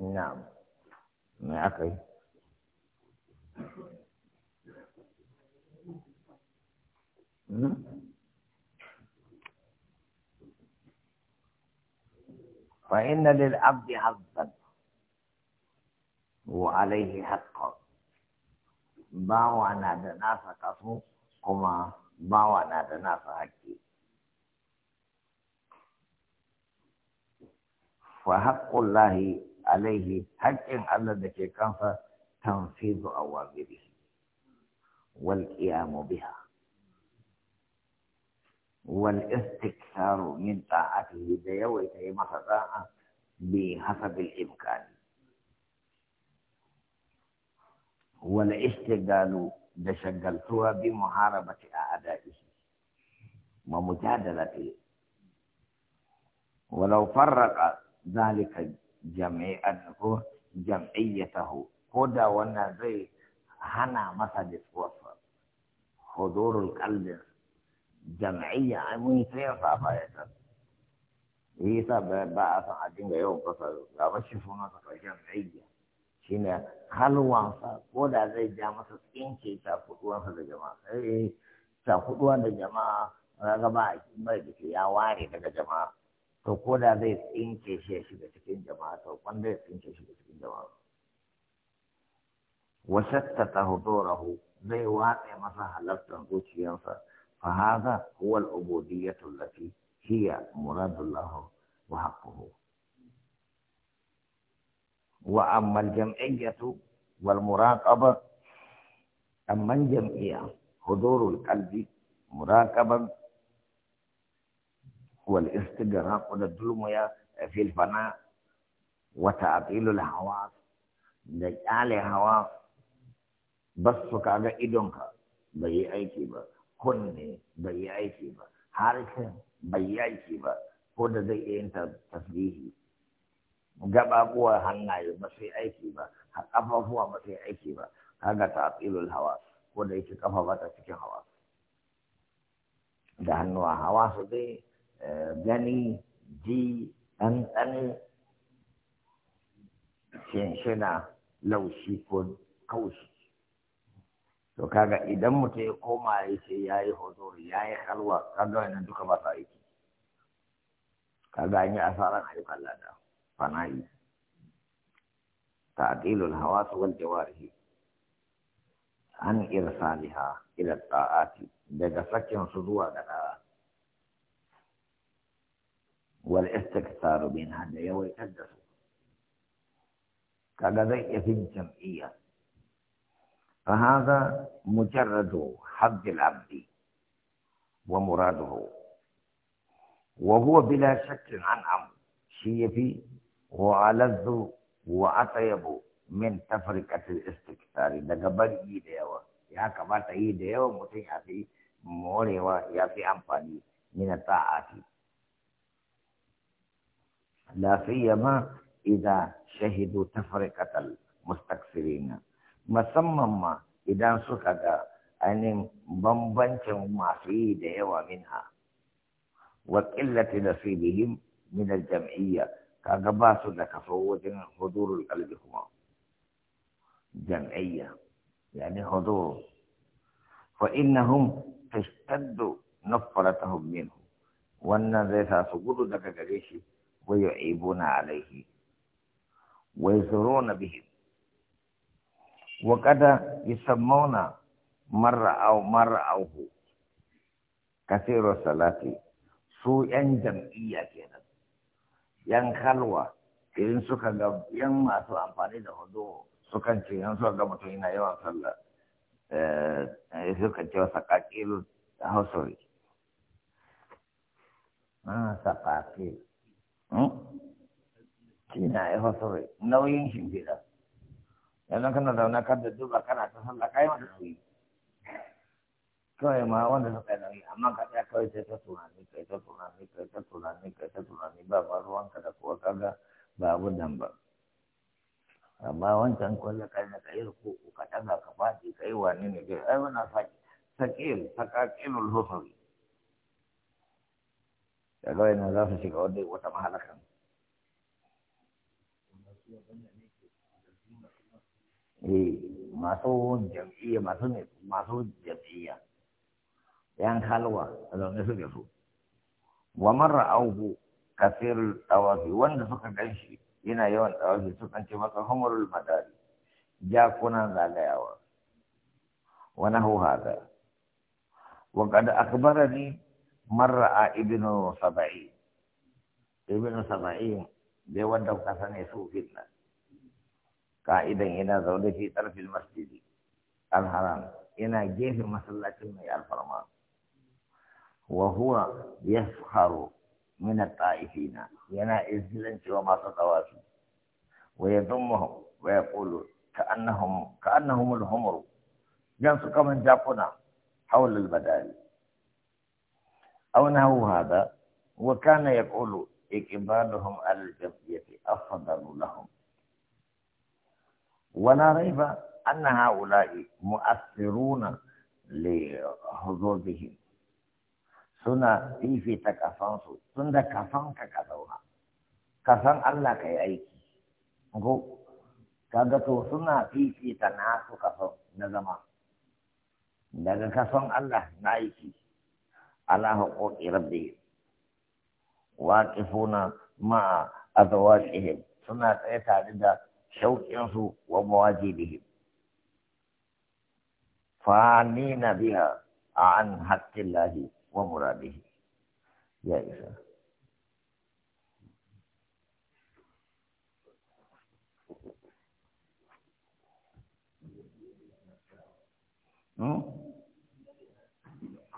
نعم ما نعم. فإن للعبد حظا وعليه حقا باوى نادى ناس قصو كما باوى نادى ناس حقي فحق الله عليه هل إن على ذلك تنفيذ أوامره والقيام بها والاستكثار من طاعته ديويت ما استطاع بحسب الإمكان والاستقال دشقلتها بمحاربة أعدائه ومجادلته ولو فرق ذلك jami'an ko jam'iyyatahu ko da wannan zai hana masa diswarsa hudurul qalbin jam'iyya ai mun sai ya fafa ya san yasa ba a san a dinga yawan fasa ga bashi suna sa jam'iyya shine halwansa ko da zai ja masa tsinke ta sa da jama'a eh ta kuduwa da jama'a ga ba mai da ya ware daga jama'a تو کولا دے تین کے شیشی بے سکین جماعت ہو پندے تین کے شیشی بے سکین جماعت ہو وستتہ دو رہو دے واتے مساہ لفتن کچھ یہاں سا فہذا ہوا العبودیت اللہ کی مراد اللہ وحق ہو واما الجمعیت والمراقبہ اما الجمعیہ حضور القلب مراقبہ Wal والاستجراق والدلمية في الفناء وتعطيل hawa da kyale hawa bas su kaga idonka bai yi aiki ba kunne bai yi aiki ba harshen bai yi aiki ba ko da zai iya yin tasbihi gaba kuwa hannaye ba sai aiki ba kafafuwa ba sai aiki ba kaga ta hawa ko da yake kafa ba ta cikin hawa da hannuwa hawa su dai gani ji ɗanɗano shinshina laushi ko kaushi to kaga idan mutum ya koma ya ce ya yi hoto ya yi halwa kaga wannan duka ba sa aiki kaga an yi asarar ayyukan lada fana'i hawa hawas wal jawarihi an irsaliha ila ta'ati daga sakin su zuwa ga والاستكثار بين هذا يوي كدس كذا في الجمعية فهذا مجرد حظ العبد ومراده وهو بلا شك عن أمر شيء فيه هو ألذ وأطيب من تفرقة الاستكثار ده قبل إيديه يا كبات إيديه متيحة في موريه يا في أمفاني من الطاعات لا سيما إذا شهدوا تفرقة المستكثرين ما ما إذا سكت أن بمبنش ما فيه دعوة منها وقلة نصيبهم من الجمعية كغباس لكفوة حضور القلب هما جمعية يعني حضور فإنهم تشتد نفرتهم منه والنذيثة سقوط لك قريشي ويعيبون عليه ويزرون به وقد يسمون مرة أو مرة أوه كثير الصلاة سوء جمعية كده yan kalwa irin suka ga yan masu amfani da hudu sukan ce yan suka ga mutum yana yawan sallah sukan ce wasa kakilu hausari ah shi na ya rai nauyin shi ke da yanzu kana zaune kan da duba kana ta sallah kai mata nauyi kawai ma wanda suka yi nauyi amma ka tsaya kawai sai ta tunani kai ta tunani kai ta tunani kai ta tunani ba ba ka da kuwa kaga ba abu nan ba amma wancan kwallo kai na kai ko ka ɗaga ka faɗi kai wani ne kai ai wannan sakil sakakilul husri daga wani za su shiga wani wata mahalakan eh, masu jam'iyya masu ne masu jam'iyya yan halwa zaune suke so wa marra auhu kasirul tawafi wanda suka ganshi yana yawan tawafi sukan ce masa Humarul madari Ja jakunan zagayawa wa nahu haka. wa kada akhbarani marra a ibnu saba'i ibnu saba'i dai wanda kuka sani su fitna ka'idan yana zaune fi tarfil masjidi al ina gefe masallacin mai alfarma wa huwa yasharu min taifina yana izlan cewa masu tawafi wa yadhummuhum wa yaqulu ka'annahum ka'annahum al-humur dan su kaman jakuna hawla al-badali أو نحو هذا وكان يقول إقبالهم على الجزية أفضل لهم ولا ريب أن هؤلاء مؤثرون لحضورهم سنة في في تكفانسو سنة كفان كذوها كفان الله كي أيكي نقول كذتو سنة في تناسو كفان نظمة نظمة كفان الله نايكي على حقوق ربهم واقفون مع أزواجهم سنة تعدد شوقهم ومواجبهم فعنين بها عن حق الله ومراده يا إسا Hmm?